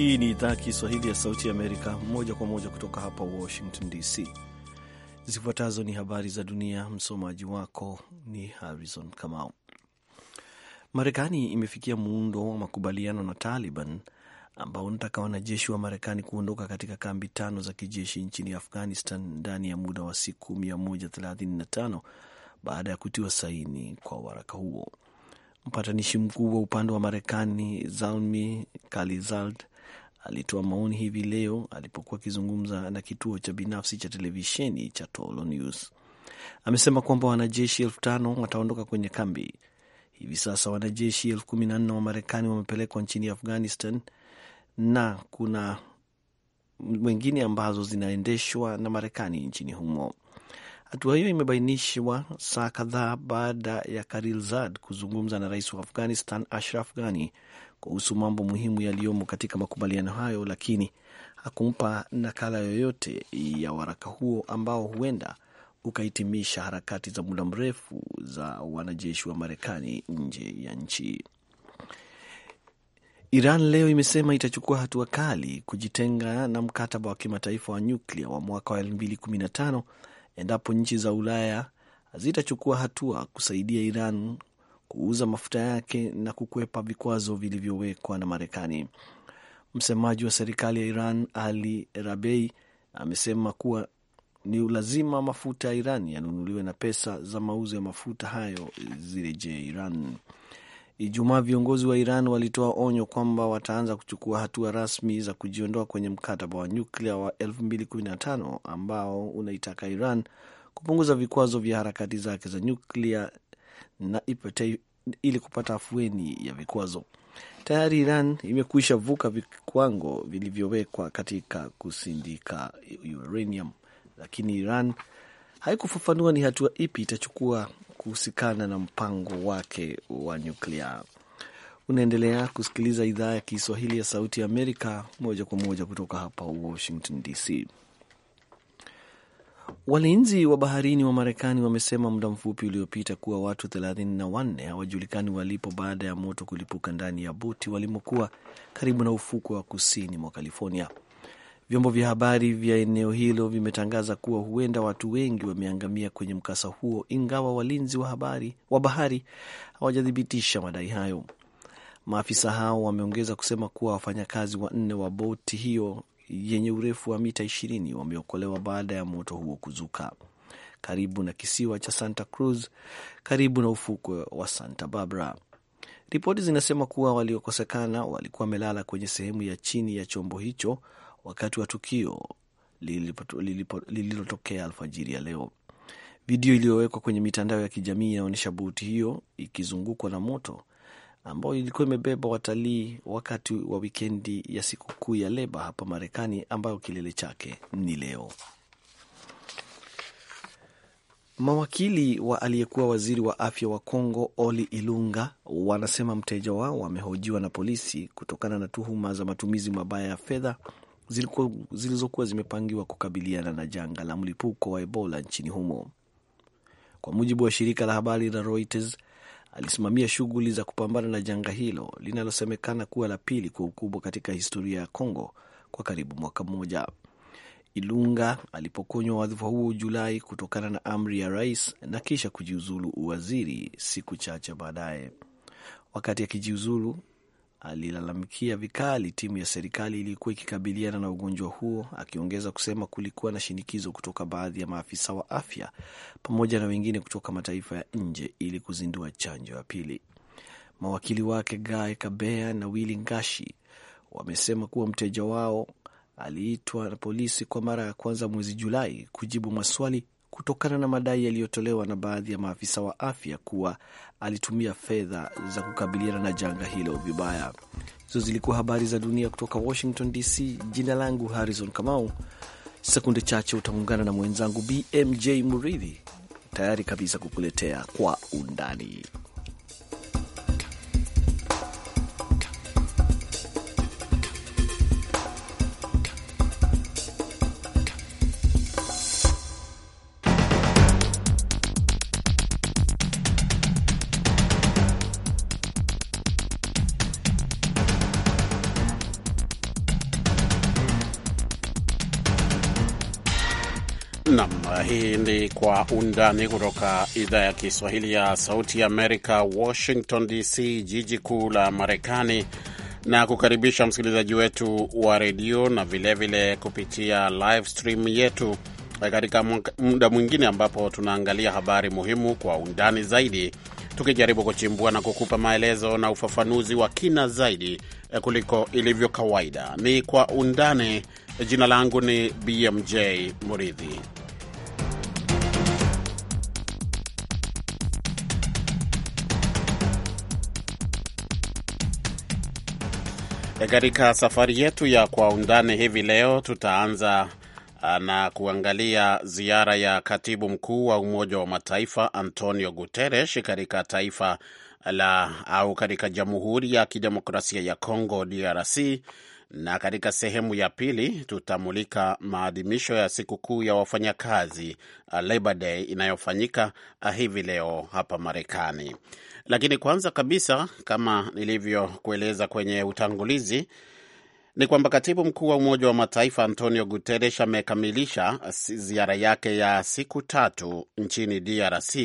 Hii ni idhaa ya Kiswahili ya Sauti ya Amerika, moja kwa moja kutoka hapa Washington DC. Zifuatazo ni habari za dunia, msomaji wako ni Harrison Kamau. Marekani imefikia muundo wa makubaliano na Taliban ambao unataka wanajeshi wa Marekani kuondoka katika kambi tano za kijeshi nchini Afghanistan ndani ya muda wa siku 135 baada ya kutiwa saini kwa waraka huo. Mpatanishi mkuu wa upande wa Marekani Zalmi Khalilzad alitoa maoni hivi leo alipokuwa akizungumza na kituo cha binafsi cha televisheni cha Tolo News. Amesema kwamba wanajeshi elfu tano wataondoka kwenye kambi. Hivi sasa wanajeshi elfu kumi na nne wa Marekani wamepelekwa nchini Afghanistan na kuna wengine ambazo zinaendeshwa na Marekani nchini humo. Hatua hiyo imebainishwa saa kadhaa baada ya Karilzad kuzungumza na rais wa Afghanistan Ashraf Ghani kuhusu mambo muhimu yaliyomo katika makubaliano hayo, lakini hakumpa nakala yoyote ya waraka huo ambao huenda ukahitimisha harakati za muda mrefu za wanajeshi wa Marekani nje ya nchi. Iran leo imesema itachukua hatua kali kujitenga na mkataba wa kimataifa wa nyuklia wa mwaka wa 2015 endapo nchi za Ulaya zitachukua hatua kusaidia Iran kuuza mafuta yake na kukwepa vikwazo vilivyowekwa na Marekani. Msemaji wa serikali ya Iran Ali Rabei amesema kuwa ni lazima mafuta ya Iran yanunuliwe na pesa za mauzo ya mafuta hayo zirejee Iran. Ijumaa viongozi wa Iran walitoa onyo kwamba wataanza kuchukua hatua rasmi za kujiondoa kwenye mkataba wa nyuklia wa 2015 ambao unaitaka Iran kupunguza vikwazo vya harakati zake za nyuklia na Ipatei ili kupata afueni ya vikwazo. Tayari Iran imekwisha vuka vikwango vilivyowekwa katika kusindika uranium, lakini Iran haikufafanua ni hatua ipi itachukua kuhusikana na mpango wake wa nyuklia. Unaendelea kusikiliza idhaa ya Kiswahili ya Sauti ya Amerika moja kwa moja kutoka hapa Washington DC. Walinzi wa baharini wa Marekani wamesema muda mfupi uliopita kuwa watu 34 hawajulikani walipo baada ya moto kulipuka ndani ya boti walimokuwa karibu na ufukwe wa kusini mwa California. Vyombo vya habari vya eneo hilo vimetangaza kuwa huenda watu wengi wameangamia kwenye mkasa huo, ingawa walinzi wa habari wa bahari hawajathibitisha madai hayo. Maafisa hao wameongeza kusema kuwa wafanyakazi wanne wa boti hiyo yenye urefu wa mita 20 wameokolewa baada ya moto huo kuzuka karibu na kisiwa cha Santa Cruz karibu na ufukwe wa Santa Barbara. Ripoti zinasema kuwa waliokosekana walikuwa wamelala kwenye sehemu ya chini ya chombo hicho wakati wa tukio lililotokea alfajiri ya leo. Video iliyowekwa kwenye mitandao ya kijamii inaonyesha boti hiyo ikizungukwa na moto ambayo ilikuwa imebeba watalii wakati wa wikendi ya sikukuu ya leba hapa Marekani, ambayo kilele chake ni leo. Mawakili wa aliyekuwa waziri wa afya wa congo Oli Ilunga wanasema mteja wao wamehojiwa na polisi kutokana na tuhuma za matumizi mabaya ya fedha zilizokuwa zimepangiwa kukabiliana na janga la mlipuko wa Ebola nchini humo. Kwa mujibu wa shirika la habari la Reuters, alisimamia shughuli za kupambana na janga hilo linalosemekana kuwa la pili kwa ukubwa katika historia ya Kongo kwa karibu mwaka mmoja. Ilunga alipokonywa wadhifa huo Julai kutokana na amri ya rais na kisha kujiuzulu uwaziri siku chache baadaye. Wakati akijiuzulu, alilalamikia vikali timu ya serikali iliyokuwa ikikabiliana na ugonjwa huo, akiongeza kusema kulikuwa na shinikizo kutoka baadhi ya maafisa wa afya pamoja na wengine kutoka mataifa ya nje ili kuzindua chanjo ya pili. Mawakili wake Guy Kabea na willi Ngashi wamesema kuwa mteja wao aliitwa na polisi kwa mara ya kwanza mwezi Julai kujibu maswali kutokana na madai yaliyotolewa na baadhi ya maafisa wa afya kuwa alitumia fedha za kukabiliana na janga hilo vibaya. Hizo zilikuwa habari za dunia kutoka Washington DC. Jina langu Harrison Kamau. Sekunde chache utaungana na mwenzangu BMJ Muridhi, tayari kabisa kukuletea kwa undani Kwa Undani kutoka idhaa ya Kiswahili ya Sauti ya Amerika, Washington DC, jiji kuu la Marekani, na kukaribisha msikilizaji wetu wa redio na vilevile vile kupitia live stream yetu katika muda mwingine ambapo tunaangalia habari muhimu kwa undani zaidi, tukijaribu kuchimbua na kukupa maelezo na ufafanuzi wa kina zaidi eh, kuliko ilivyo kawaida. Ni Kwa Undani. Jina langu ni BMJ Muridhi. Katika safari yetu ya kwa undani hivi leo tutaanza uh, na kuangalia ziara ya katibu mkuu wa Umoja wa Mataifa Antonio Guterres katika taifa la au katika Jamhuri ya Kidemokrasia ya congo DRC na katika sehemu ya pili tutamulika maadhimisho ya sikukuu ya wafanyakazi uh, Labor Day inayofanyika uh, hivi leo hapa Marekani. Lakini kwanza kabisa, kama nilivyokueleza kwenye utangulizi, ni kwamba katibu mkuu wa Umoja wa Mataifa Antonio Guterres amekamilisha uh, ziara yake ya siku tatu nchini DRC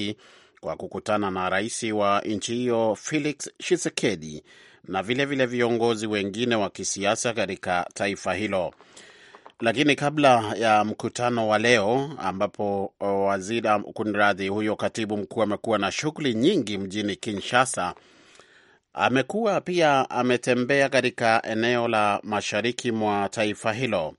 kwa kukutana na rais wa nchi hiyo Felix Tshisekedi na vilevile vile viongozi wengine wa kisiasa katika taifa hilo. Lakini kabla ya mkutano wa leo ambapo waziri kunradhi, huyo katibu mkuu amekuwa na shughuli nyingi mjini Kinshasa, amekuwa pia ametembea katika eneo la mashariki mwa taifa hilo.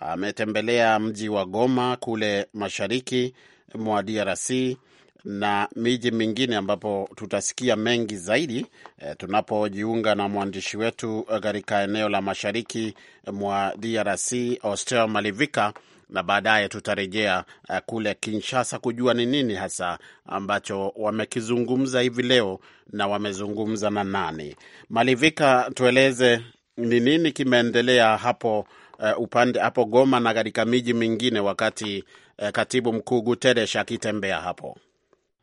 Ametembelea mji wa Goma kule mashariki mwa DRC na miji mingine ambapo tutasikia mengi zaidi e, tunapojiunga na mwandishi wetu eh, katika eneo la mashariki eh, mwa DRC Austel Malivika, na baadaye tutarejea kule Kinshasa kujua ni nini hasa ambacho wamekizungumza hivi leo na wamezungumza na nani. Malivika, tueleze ni nini kimeendelea hapo Uh, upande hapo Goma na katika miji mingine wakati uh, katibu mkuu Guterres akitembea hapo.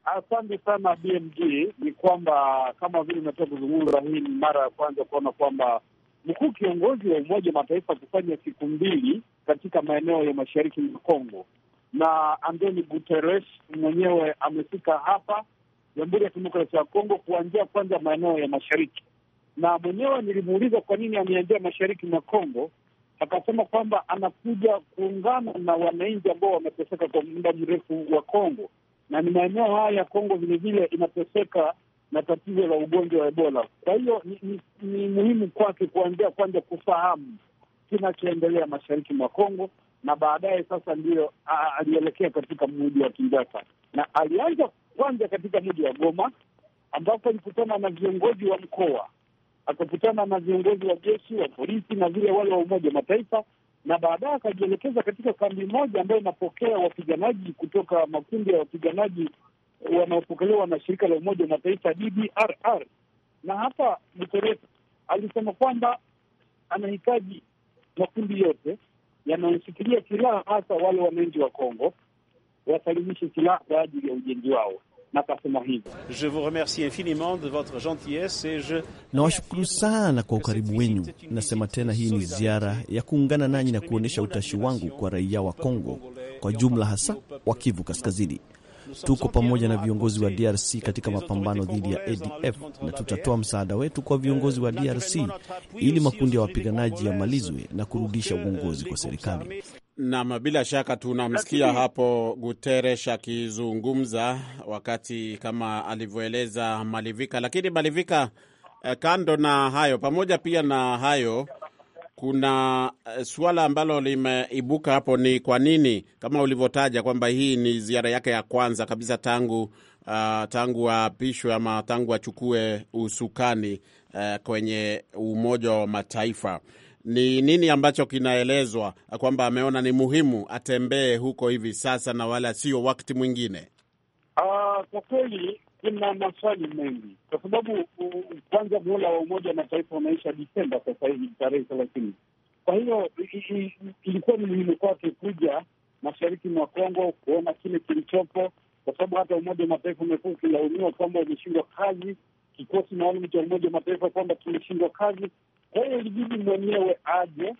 Asante sana BMG. Ni kwamba kama vile umetoka kuzungumza, hii ni mara ya kwanza kuona kwamba mkuu kiongozi wa Umoja wa Mataifa kufanya siku mbili katika maeneo ya mashariki mwa Kongo, na Antoni Guterres mwenyewe amefika hapa Jamhuri ya Kidemokrasia ya Kongo kuanzia kwanza maeneo ya mashariki, na mwenyewe nilimuuliza kwa nini ameanzia mashariki mwa Kongo, akasema kwamba anakuja kuungana na wananchi ambao wameteseka kwa muda mrefu wa Kongo na ni maeneo haya Kongo vilevile inateseka na tatizo la ugonjwa wa Ebola. Kwa hiyo ni, ni, ni muhimu kwake kuanzia kwanza kufahamu kinachoendelea mashariki mwa Kongo na baadaye sasa ndiyo alielekea katika mji wa Kinshasa na alianza kwanza katika mji wa Goma ambapo alikutana na viongozi wa mkoa, akakutana na viongozi wa jeshi wa polisi na vile wale wa Umoja wa Mataifa na baadaye akajielekeza katika kambi moja ambayo inapokea wapiganaji kutoka makundi ya wapiganaji wanaopokelewa na shirika la Umoja wa Mataifa DDRR. Na hapa Guterres alisema kwamba anahitaji makundi yote yanayoshikilia silaha, hasa wale wananchi wa Kongo, wasalimishe silaha kwa ajili ya ujenzi wao hivyo. Je vous remercie infiniment de votre gentillesse et je nawashukuru sana kwa ukaribu wenyu Nasema tena, hii ni ziara ya kuungana nanyi na kuonyesha utashi wangu kwa raia wa Kongo kwa jumla, hasa wa Kivu Kaskazini. Tuko pamoja na viongozi wa DRC katika mapambano dhidi ya ADF na tutatoa msaada wetu kwa viongozi wa DRC ili makundi ya wapiganaji yamalizwe na kurudisha uongozi kwa serikali. Nam, bila shaka tunamsikia hapo Guterres akizungumza wakati kama alivyoeleza Malivika. Lakini Malivika, eh, kando na hayo, pamoja pia na hayo, kuna eh, suala ambalo limeibuka hapo, ni kwa nini kama ulivyotaja kwamba hii ni ziara yake ya kwanza kabisa tangu uh, tangu aapishwe ama tangu achukue usukani uh, kwenye Umoja wa Mataifa ni nini ambacho kinaelezwa kwamba ameona ni muhimu atembee huko hivi sasa na wala sio wakati mwingine? Uh, kwa kweli kuna maswali mengi kwa sababu kwanza, muhula wa Umoja wa Mataifa unaisha Desemba sasa hivi tarehe thelathini. Kwa hiyo ilikuwa ni muhimu kwake kuja mashariki mwa Kongo kuona kile kilichopo, kwa sababu hata Umoja wa Mataifa umekuwa ukilaumiwa kwamba umeshindwa kazi, kikosi maalum cha Umoja wa Mataifa kwamba kimeshindwa kazi hiyo ilibidi mwenyewe aje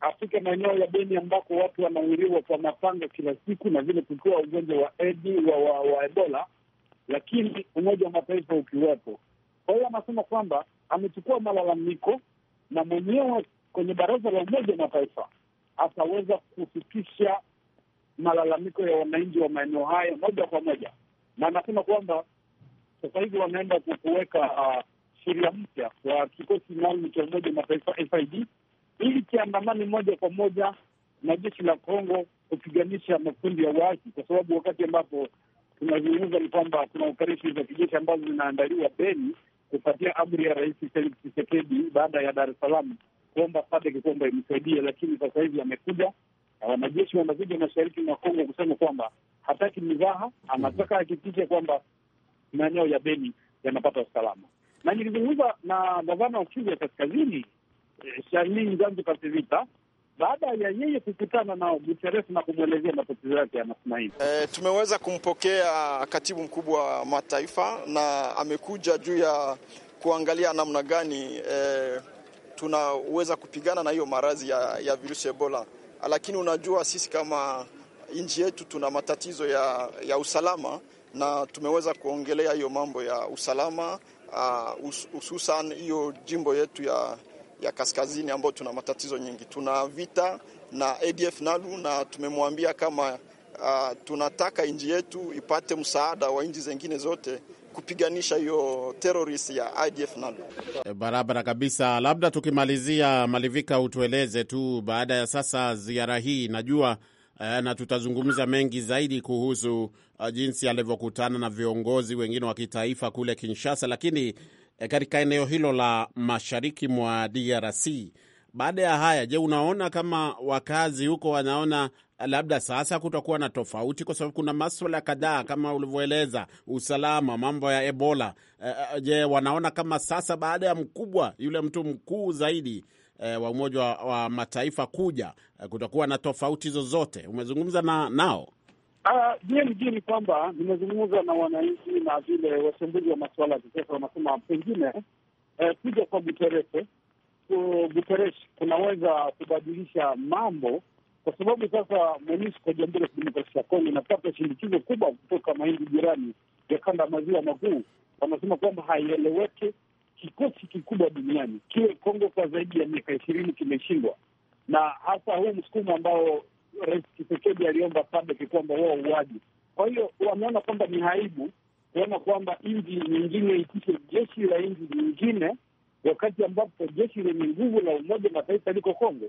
afike maeneo ya Beni ambako watu wanauliwa kwa mapanga kila siku, na vile kukiwa ugonjwa wa edi wa, wa, wa Ebola, lakini Umoja wa Mataifa ukiwepo. Kwa hiyo anasema kwamba amechukua malalamiko na mwenyewe kwenye baraza la Umoja wa Mataifa ataweza kufikisha malalamiko ya wananchi wa maeneo haya moja kwa moja, na anasema kwamba sasa hivi wanaenda kuweka uh, sheria mpya kwa kikosi maalum cha Umoja Mataifa FID ili kiandamani moja kwa moja na jeshi la Kongo kupiganisha makundi ya waasi, kwa sababu wakati ambapo tunazungumza ni kwamba kuna operesheni za kijeshi ambazo zinaandaliwa Beni kufuatia amri ya Rais Felix Tshisekedi baada ya Dar es Salaam kuomba SADC kwamba imsaidie, lakini sasa hivi amekuja na wanajeshi wanakuja mashariki mwa Kongo kusema kwamba hataki mizaha, anataka hakikishe kwamba maeneo ya Beni yanapata usalama na nilizungumza na gavana wa Kivu ya Kaskazini eh, Sharlin Gangi Pasivita baada ya yeye kukutana na Guteres na kumwelezea matatizo yake ya Matumaini. E, tumeweza kumpokea katibu mkubwa wa mataifa na amekuja juu ya kuangalia namna gani e, tunaweza kupigana na hiyo maradhi ya, ya virusi Ebola, lakini unajua sisi kama nchi yetu tuna matatizo ya, ya usalama na tumeweza kuongelea hiyo mambo ya usalama Uh, hususan uh, hiyo jimbo yetu ya, ya kaskazini ambayo tuna matatizo nyingi. Tuna vita na ADF NALU na tumemwambia kama uh, tunataka nchi yetu ipate msaada wa nchi zingine zote kupiganisha hiyo terrorist ya ADF NALU. E, barabara kabisa. Labda tukimalizia, Malivika, utueleze tu baada ya sasa ziara hii, najua eh, na tutazungumza mengi zaidi kuhusu Uh, jinsi alivyokutana na viongozi wengine wa kitaifa kule Kinshasa, lakini eh, katika eneo hilo la mashariki mwa DRC. Baada ya haya, je, unaona kama wakazi huko wanaona eh, labda sasa kutakuwa na tofauti, kwa sababu kuna maswala kadhaa kama ulivyoeleza, usalama, mambo ya Ebola. Eh, je, wanaona kama sasa baada ya mkubwa yule mtu mkuu zaidi e, wa Umoja wa Mataifa kuja, kutakuwa na tofauti zozote? Umezungumza na nao? BMG ah, ni kwamba nimezungumza na wananchi na vile wachambuzi wa masuala ya kisiasa wanasema pengine eh, kuja kwa Guterres Guterres kunaweza kubadilisha mambo, kwa sababu sasa kwa Jamhuri ya Kidemokrasia ya Kongo inapata shinikizo kubwa kutoka mainji jirani ya kanda ya maziwa makuu. Wanasema kwamba haieleweke, kikosi kikubwa duniani kiwe Kongo kwa zaidi ya miaka ishirini kimeshindwa, na hasa huu msukumo ambao Rais Tshisekedi aliomba SADC kwamba wao uwaji Kwa hiyo wameona kwamba ni haibu kuona kwamba nchi nyingine itishe jeshi la nchi nyingine, wakati ambapo jeshi lenye nguvu la Umoja Mataifa liko Kongo.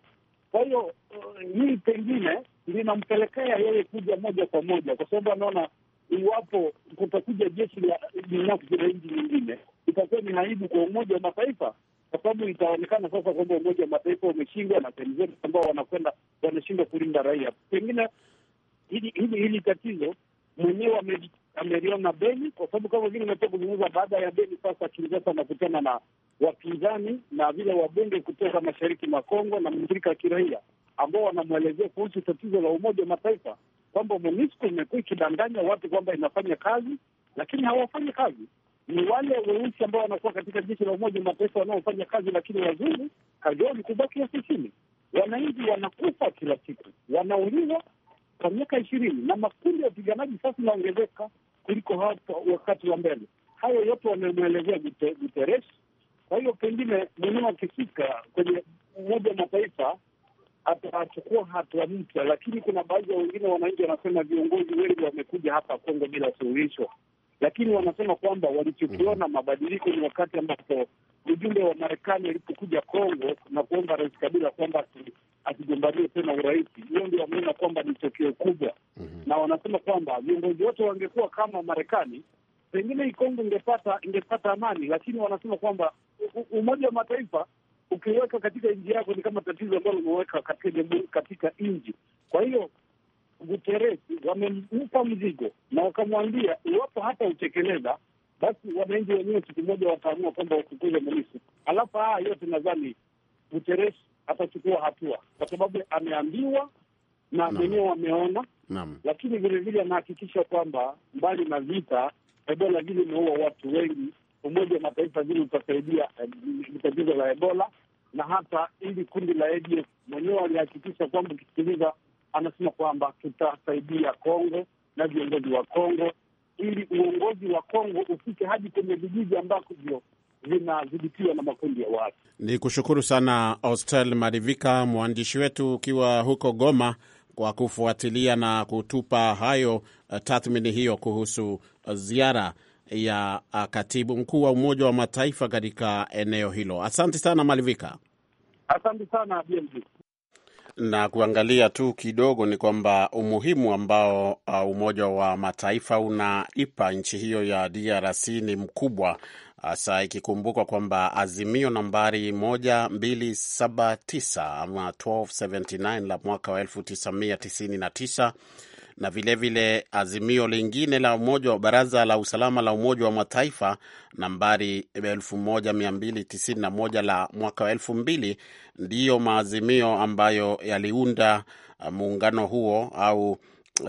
Kwa hiyo uh, hii pengine linampelekea yeye kuja moja kwa moja, kwa sababu anaona iwapo kutakuja jeshi la binafsi la nchi nyingine itakuwa ni aibu kwa Umoja wa Mataifa kwa sababu itaonekana sasa kwamba Umoja wa Mataifa umeshindwa na sehemu zote ambao wanakwenda wanashindwa kulinda raia. Pengine hili hili hili tatizo mwenyewe ameliona Beni, kwa sababu kama vile nimetoka kuzungumza, baada ya Beni sasa Kinshasa anakutana na wapinzani na vile wabunge kutoka mashariki mwa Kongo na mshirika ya kiraia ambao wanamwelezea kuhusu tatizo la Umoja wa Mataifa kwamba MONUSCO imekuwa ikidanganya watu kwamba inafanya kazi, lakini hawafanyi kazi ni wale weusi ambao wanakuwa katika jeshi la Umoja wa Mataifa wanaofanya kazi, lakini wazungu kazi yao ni kubaki ofisini. Wananchi wanakufa kila siku, wanauliwa kwa miaka ishirini, na makundi ya wapiganaji sasa inaongezeka kuliko hapa wakati wa mbele. Hayo yote wamemwelezea Guterres. Kwa hiyo pengine mwenyewe akifika kwenye Umoja wa Mataifa atachukua hatua mpya, lakini kuna baadhi ya wengine wananchi wanasema viongozi wengi wamekuja hapa Kongo bila suluhisho lakini wanasema kwamba walichokiona mabadiliko ni wakati ambapo ujumbe wa Marekani alipokuja Kongo na kuomba Rais Kabila kwamba asigombanie tena urais. Hiyo ndio wameona kwamba ni tokeo kubwa, mhm. na wanasema kwamba viongozi wote wangekuwa kama Marekani, pengine hii Kongo ingepata ingepata amani, lakini wanasema kwamba Umoja wa Mataifa ukiweka katika nji yako ni kama tatizo ambalo umeweka katika katika Kwa hiyo Guterres wamempa mzigo na wakamwambia iwapo hata utekeleza basi wananchi wenyewe siku moja wataamua kwamba wafukuze polisi. Alafu haya yote nadhani Guterres atachukua hatua, kwa sababu ameambiwa na wenyewe wameona, lakini vilevile anahakikisha kwamba mbali na vita, Ebola vile imeua watu wengi, Umoja wa Mataifa vile utasaidia eh, tatizo la Ebola na hata ili kundi la ADF mwenyewe alihakikisha kwamba ukisikiliza anasema kwamba tutasaidia Kongo na viongozi wa Kongo ili uongozi wa Kongo ufike hadi kwenye vijiji ambavyo vinadhibitiwa na makundi ya watu. Ni kushukuru sana Austel Marivika, mwandishi wetu ukiwa huko Goma, kwa kufuatilia na kutupa hayo eh, tathmini hiyo kuhusu eh, ziara ya eh, katibu mkuu wa Umoja wa Mataifa katika eneo hilo. Asante sana malivika asante sana BMG na kuangalia tu kidogo ni kwamba umuhimu ambao uh, Umoja wa Mataifa unaipa nchi hiyo ya DRC ni mkubwa, hasa ikikumbukwa kwamba azimio nambari 1279 ama 1279 la mwaka wa 1999 na vilevile vile azimio lingine la umoja wa baraza la usalama la Umoja wa Mataifa nambari 1291 la mwaka wa mbili ndiyo maazimio ambayo yaliunda uh, muungano huo au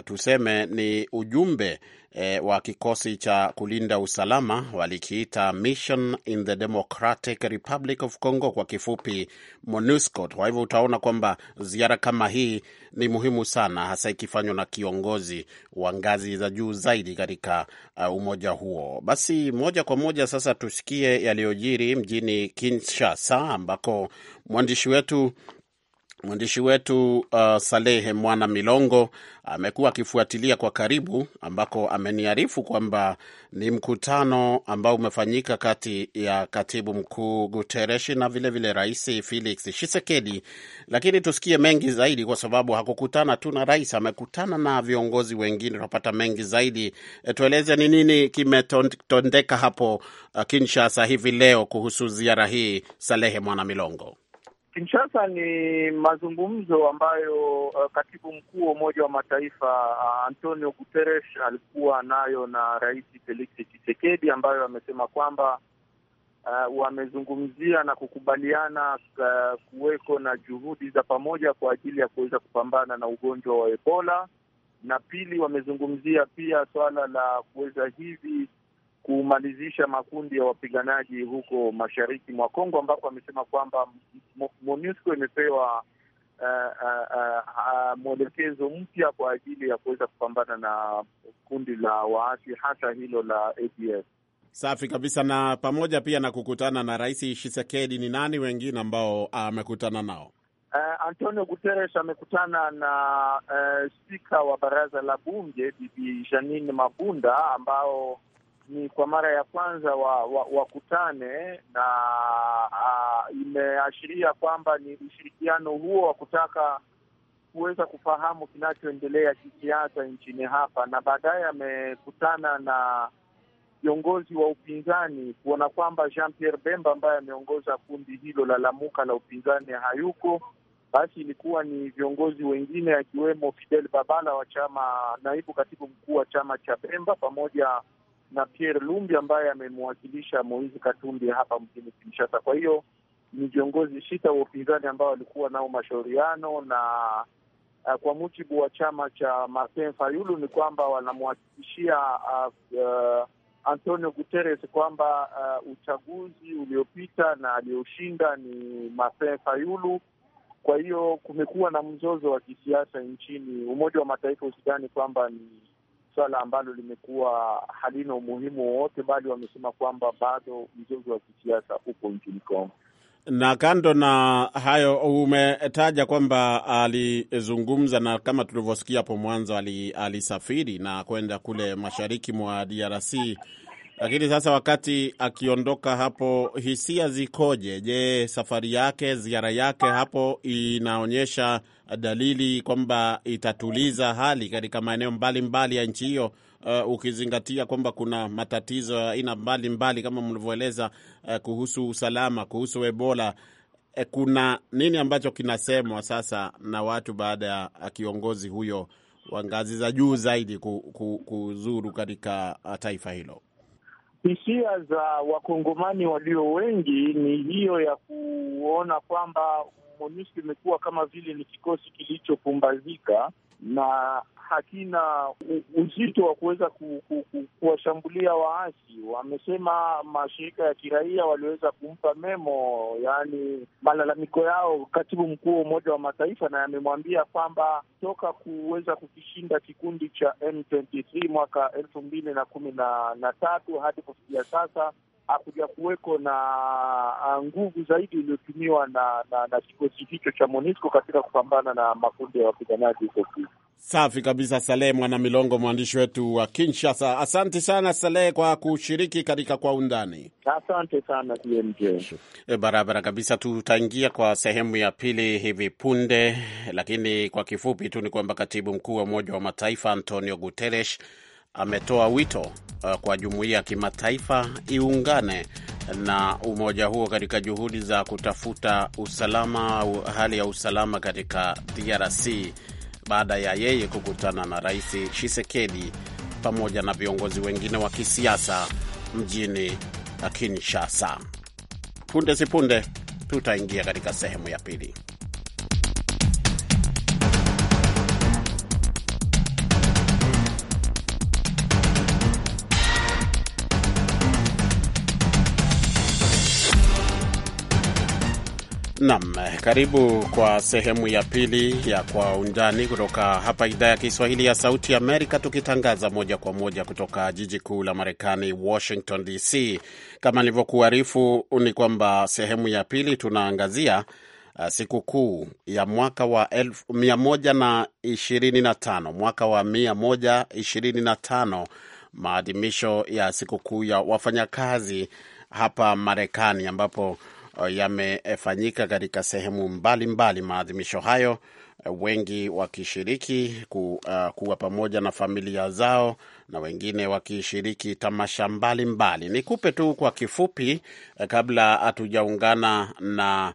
tuseme ni ujumbe e, wa kikosi cha kulinda usalama walikiita Mission in the Democratic Republic of Congo, kwa kifupi MONUSCO. Kwa hivyo utaona kwamba ziara kama hii ni muhimu sana, hasa ikifanywa na kiongozi wa ngazi za juu zaidi katika uh, umoja huo. Basi moja kwa moja sasa tusikie yaliyojiri mjini Kinshasa ambako mwandishi wetu Mwandishi wetu uh, Salehe Mwana Milongo amekuwa akifuatilia kwa karibu, ambako ameniarifu kwamba ni mkutano ambao umefanyika kati ya katibu mkuu Gutereshi na vilevile Rais Felix Tshisekedi. Lakini tusikie mengi zaidi, kwa sababu hakukutana tu na rais, amekutana na viongozi wengine. Tunapata mengi zaidi. E, tueleze ni nini kimetondeka hapo uh, Kinshasa hivi leo kuhusu ziara hii, Salehe Mwana Milongo. Kinshasa ni mazungumzo ambayo uh, katibu mkuu wa Umoja wa Mataifa uh, Antonio Guterres alikuwa nayo na Rais Felix Tshisekedi, ambayo amesema kwamba uh, wamezungumzia na kukubaliana uh, kuweko na juhudi za pamoja kwa ajili ya kuweza kupambana na ugonjwa wa Ebola, na pili wamezungumzia pia swala la kuweza hivi kumalizisha makundi ya wapiganaji huko mashariki mwa Kongo, ambapo amesema kwamba MONUSCO imepewa uh, uh, uh, mwelekezo mpya kwa ajili ya kuweza kupambana na kundi la waasi hasa hilo la ADF. Safi kabisa, na pamoja pia na kukutana na Rais Tshisekedi, ni nani wengine ambao ah, amekutana uh, nao? Uh, Antonio Guterres amekutana na uh, spika wa baraza la bunge Bibi Janine Mabunda ambao ni kwa mara ya kwanza wakutane wa, wa na uh, imeashiria kwamba ni ushirikiano huo wa kutaka kuweza kufahamu kinachoendelea kisiasa nchini hapa, na baadaye amekutana na viongozi wa upinzani kuona kwamba Jean Pierre Bemba ambaye ameongoza kundi hilo la Lamuka la upinzani hayuko, basi ilikuwa ni viongozi wengine akiwemo Fidel Babala wa chama, naibu katibu mkuu wa chama cha Bemba pamoja na Pierre Lumbi ambaye amemwakilisha Moise Katumbi hapa mjini Kinshasa. Kwa hiyo ni viongozi sita wa upinzani ambao walikuwa nao mashauriano na uh, kwa mujibu wa chama cha Martin Fayulu ni kwamba wanamwhakikishia uh, uh, Antonio Guterres kwamba uh, uchaguzi uliopita na aliyoshinda ni Martin Fayulu. Kwa hiyo kumekuwa na mzozo wa kisiasa nchini. Umoja wa Mataifa usidhani kwamba ni swala ambalo limekuwa halina umuhimu wowote, bali wamesema kwamba bado mzozo wa kisiasa huko nchini Kongo. Na kando na hayo, umetaja kwamba alizungumza na kama tulivyosikia hapo mwanzo, alisafiri na kwenda kule mashariki mwa DRC. Lakini sasa wakati akiondoka hapo, hisia zikoje? Je, safari yake, ziara yake hapo inaonyesha dalili kwamba itatuliza hali katika maeneo mbalimbali ya nchi hiyo, uh, ukizingatia kwamba kuna matatizo ya aina mbalimbali kama mlivyoeleza, uh, kuhusu usalama, kuhusu Ebola. uh, kuna nini ambacho kinasemwa sasa na watu baada ya uh, kiongozi huyo wa ngazi za juu zaidi kuzuru katika uh, taifa hilo? Hisia za wakongomani walio wengi ni hiyo ya kuona kwamba MONUSCO imekuwa kama vile ni kikosi kilichopumbazika na hakina uzito wa kuweza kuwashambulia ku, ku, waasi. Wamesema mashirika ya kiraia waliweza kumpa memo, yaani malalamiko yao katibu mkuu wa Umoja wa Mataifa, na yamemwambia kwamba toka kuweza kukishinda kikundi cha M23 mwaka elfu mbili na kumi na tatu hadi kufikia sasa hakuja kuweko na ah, nguvu zaidi iliyotumiwa na, na, na kikosi hicho cha MONUSCO katika kupambana na makundi ya wapiganaji huko. Safi kabisa, Saleh Mwana Milongo, mwandishi wetu wa Kinshasa. Asante sana Saleh kwa kushiriki katika kwa undani. Asante sana TMJ. E, barabara kabisa, tutaingia kwa sehemu ya pili hivi punde, lakini kwa kifupi tu ni kwamba katibu mkuu wa Umoja wa Mataifa Antonio Guterres ametoa wito uh, kwa jumuiya ya kimataifa iungane na umoja huo katika juhudi za kutafuta usalama au hali ya usalama katika DRC baada ya yeye kukutana na Rais Tshisekedi pamoja na viongozi wengine wa kisiasa mjini uh, Kinshasa. Punde si punde tutaingia katika sehemu ya pili. nam karibu kwa sehemu ya pili ya Kwa Undani kutoka hapa idhaa ya Kiswahili ya Sauti Amerika, tukitangaza moja kwa moja kutoka jiji kuu la Marekani, Washington DC. Kama nilivyokuarifu, ni kwamba sehemu ya pili tunaangazia uh, sikukuu ya mwaka wa 125 mwaka wa 125 maadhimisho ya sikukuu ya wafanyakazi hapa Marekani ambapo yamefanyika katika sehemu mbalimbali. Maadhimisho hayo wengi wakishiriki ku, uh, kuwa pamoja na familia zao na wengine wakishiriki tamasha mbalimbali. Nikupe tu kwa kifupi eh, kabla hatujaungana na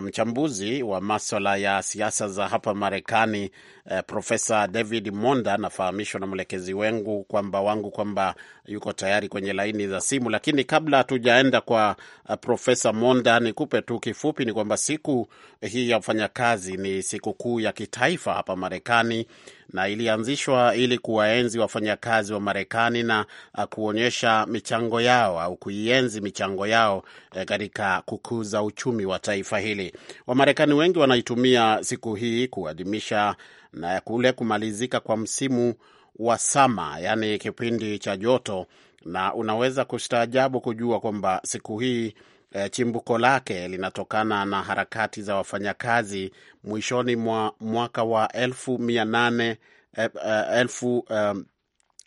mchambuzi um, wa maswala ya siasa za hapa Marekani uh, Profesa David Monda nafahamishwa na mwelekezi wangu kwamba wangu kwamba yuko tayari kwenye laini za simu, lakini kabla hatujaenda kwa uh, Profesa Monda, nikupe tu kifupi ni kwamba siku hii ya wafanyakazi ni sikukuu ya kitaifa hapa Marekani na ilianzishwa ili kuwaenzi wafanyakazi wa Marekani na uh, kuonyesha michango yao au kuienzi michango yao eh, katika kukuza uchumi wa taifa hili. Wamarekani wengi wanaitumia siku hii kuadhimisha na kule kumalizika kwa msimu wa sama, yaani kipindi cha joto, na unaweza kustaajabu kujua kwamba siku hii eh, chimbuko lake linatokana na harakati za wafanyakazi mwishoni mwa mwaka wa elfu mia nane eh, eh, elfu eh,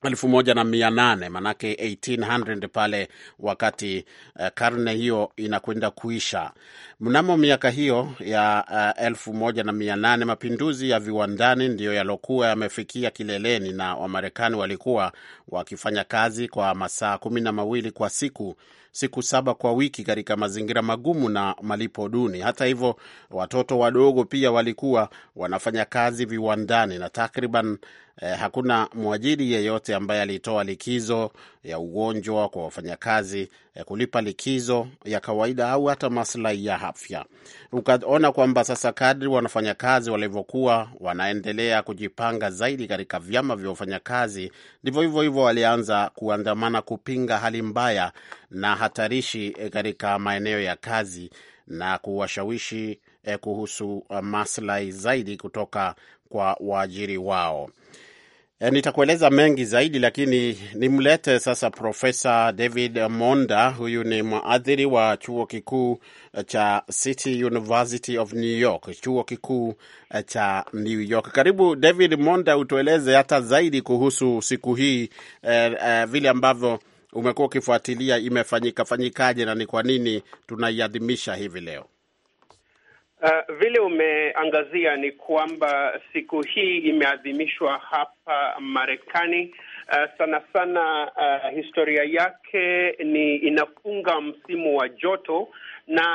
elfu moja na mia nane manake 1800 pale wakati uh, karne hiyo inakwenda kuisha. Mnamo miaka hiyo ya uh, elfu moja na mia nane mapinduzi ya viwandani ndiyo yaliokuwa yamefikia kileleni, na Wamarekani walikuwa wakifanya kazi kwa masaa kumi na mawili kwa siku siku saba kwa wiki katika mazingira magumu na malipo duni. Hata hivyo, watoto wadogo pia walikuwa wanafanya kazi viwandani na takriban eh, hakuna mwajiri yeyote ambaye alitoa likizo ya ugonjwa kwa wafanyakazi eh, kulipa likizo ya kawaida au hata maslahi ya afya. Ukaona kwamba sasa kadri wanafanyakazi walivyokuwa wanaendelea kujipanga zaidi katika vyama vya wafanyakazi, ndivyo hivyo hivyo walianza kuandamana kupinga hali mbaya na hatarishi eh, katika maeneo ya kazi na kuwashawishi eh, kuhusu eh, maslahi zaidi kutoka kwa waajiri wao. E, nitakueleza mengi zaidi lakini nimlete sasa Profesa David Monda. Huyu ni mwadhiri wa chuo kikuu cha City University of New York, chuo kikuu cha New York. Karibu David Monda, utueleze hata zaidi kuhusu siku hii eh, eh, vile ambavyo umekuwa ukifuatilia imefanyika fanyikaje na ni kwa nini tunaiadhimisha hivi leo? Uh, vile umeangazia ni kwamba siku hii imeadhimishwa hapa Marekani. Uh, sana sana uh, historia yake ni inafunga msimu wa joto na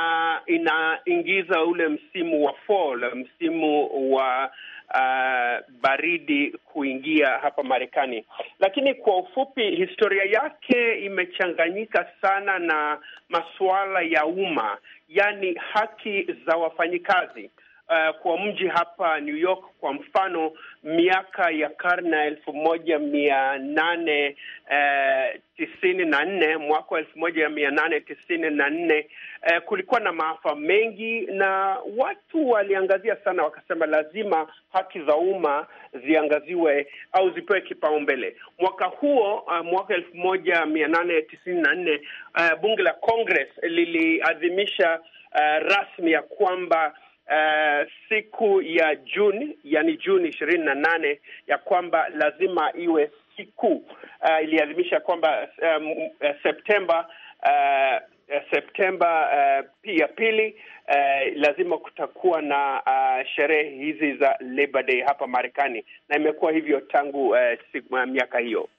inaingiza ule msimu wa fall, msimu wa uh, baridi kuingia hapa Marekani. Lakini kwa ufupi, historia yake imechanganyika sana na masuala ya umma, yaani haki za wafanyikazi uh, kwa mji hapa New York kwa mfano, miaka ya karna elfu moja mia nane uh, tisini na nne mwaka wa elfu moja mia nane tisini na nne uh, kulikuwa na maafa mengi, na watu waliangazia sana, wakasema lazima haki za umma ziangaziwe au zipewe kipaumbele. Mwaka huo uh, mwaka elfu moja mia nane tisini na nne uh, bunge la Congress liliadhimisha uh, rasmi ya kwamba uh, siku ya Juni, yani Juni ishirini na nane, ya kwamba lazima iwe siku uh, iliadhimisha kwamba um, eh, uh, Septemba uh, Septemba uh, pia pili uh, lazima kutakuwa na uh, sherehe hizi za Labor Day hapa Marekani, na imekuwa hivyo tangu uh, siku, uh, miaka hiyo.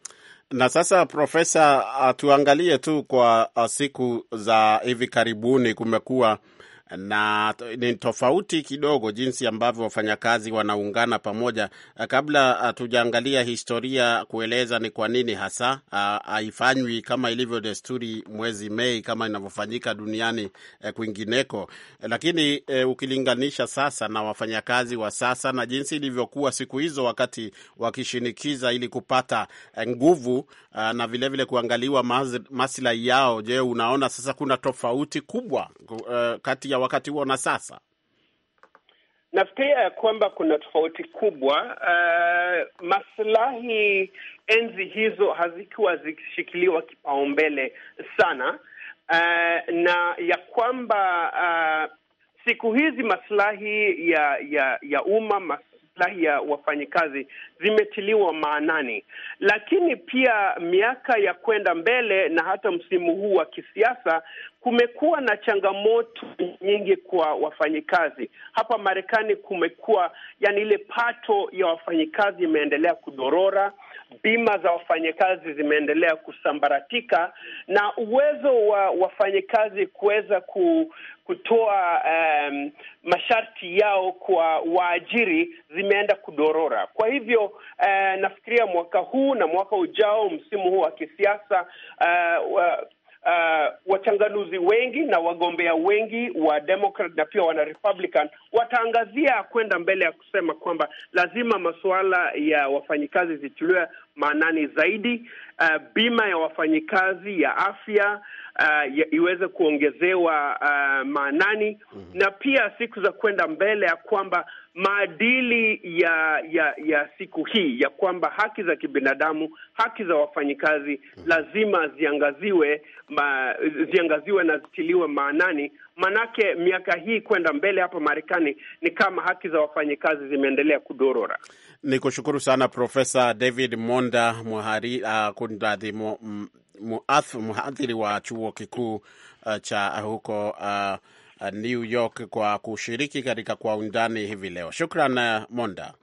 Na sasa, Profesa, tuangalie tu kwa siku za hivi karibuni, kumekuwa na ni tofauti kidogo jinsi ambavyo wafanyakazi wanaungana pamoja. Eh, kabla hatujaangalia eh, historia kueleza ni kwa nini hasa eh, haifanywi kama ilivyo desturi mwezi Mei kama inavyofanyika duniani kwingineko, lakini ukilinganisha sasa na wafanyakazi wa sasa na jinsi ilivyokuwa siku hizo wakati wakishinikiza ili kupata nguvu na vilevile vile kuangaliwa maslahi yao. Je, unaona sasa kuna tofauti kubwa kati ya wakati huo na sasa? Nafikiria ya kwamba kuna tofauti kubwa. Uh, maslahi enzi hizo hazikuwa zikishikiliwa kipaumbele sana, uh, na ya kwamba uh, siku hizi maslahi ya ya ya umma, maslahi ya wafanyikazi zimetiliwa maanani, lakini pia miaka ya kwenda mbele na hata msimu huu wa kisiasa kumekuwa na changamoto nyingi kwa wafanyikazi hapa Marekani. Kumekuwa yani, ile pato ya wafanyikazi imeendelea kudorora, bima za wafanyikazi zimeendelea kusambaratika, na uwezo wa wafanyikazi kuweza ku, kutoa um, masharti yao kwa waajiri zimeenda kudorora. Kwa hivyo uh, nafikiria mwaka huu na mwaka ujao, msimu huu wa kisiasa uh, uh, uh, wachanganuzi wengi na wagombea wengi wa Democrat na pia wana Republican wataangazia kwenda mbele ya kusema kwamba lazima masuala ya wafanyikazi zitiliwe maanani zaidi. Uh, bima ya wafanyikazi ya afya uh, ya iweze kuongezewa uh, maanani mm -hmm. Na pia siku za kwenda mbele ya kwamba maadili ya ya ya siku hii ya kwamba haki za kibinadamu, haki za wafanyikazi lazima ziangaziwe ma, ziangaziwe na zitiliwe maanani, manake miaka hii kwenda mbele hapa Marekani ni kama haki za wafanyikazi zimeendelea kudorora. Ni kushukuru sana Profesa David Monda muhari, uh, kundadhi mhadhiri wa chuo kikuu uh, cha huko uh, New York kwa kushiriki katika Kwa Undani hivi leo. Shukran eh, Monda.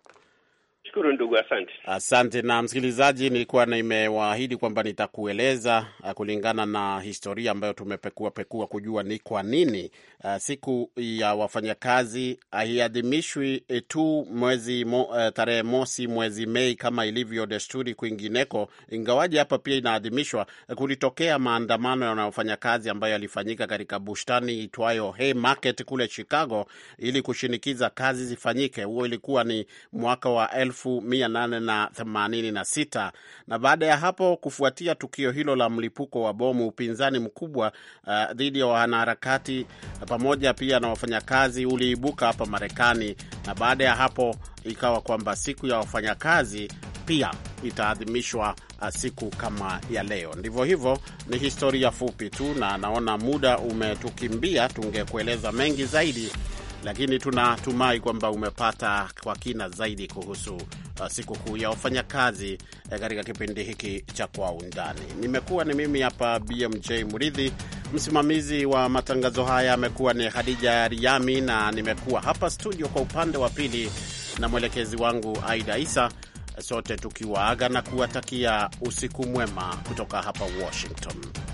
Nashukuru ndugu, asante. Asante na msikilizaji, nilikuwa nimewaahidi kwamba nitakueleza ah, kulingana na historia ambayo tumepekua pekua kujua ni kwa nini ah, siku ya wafanyakazi haiadhimishwi eh, tu mwezi mo, eh, tarehe mosi mwezi Mei kama ilivyo desturi kwingineko, ingawaji hapa pia inaadhimishwa. Eh, kulitokea maandamano ya wafanyakazi ambayo yalifanyika katika bustani itwayo Haymarket kule Chicago ili kushinikiza kazi zifanyike. Huo ilikuwa ni mwaka wa elfu 1886 na baada ya hapo, kufuatia tukio hilo la mlipuko wa bomu, upinzani mkubwa uh, dhidi ya wanaharakati pamoja pia na wafanyakazi uliibuka hapa Marekani, na baada ya hapo ikawa kwamba siku ya wafanyakazi pia itaadhimishwa uh, siku kama ya leo. Ndivyo hivyo, ni historia fupi tu, na naona muda umetukimbia. Tungekueleza mengi zaidi lakini tunatumai kwamba umepata kwa kina zaidi kuhusu uh, sikukuu ya wafanyakazi uh, katika kipindi hiki cha Kwa Undani. Nimekuwa ni mimi hapa BMJ Muridhi, msimamizi wa matangazo haya amekuwa ni Khadija Riami, na nimekuwa hapa studio kwa upande wa pili na mwelekezi wangu Aida Isa, sote tukiwaaga na kuwatakia usiku mwema kutoka hapa Washington.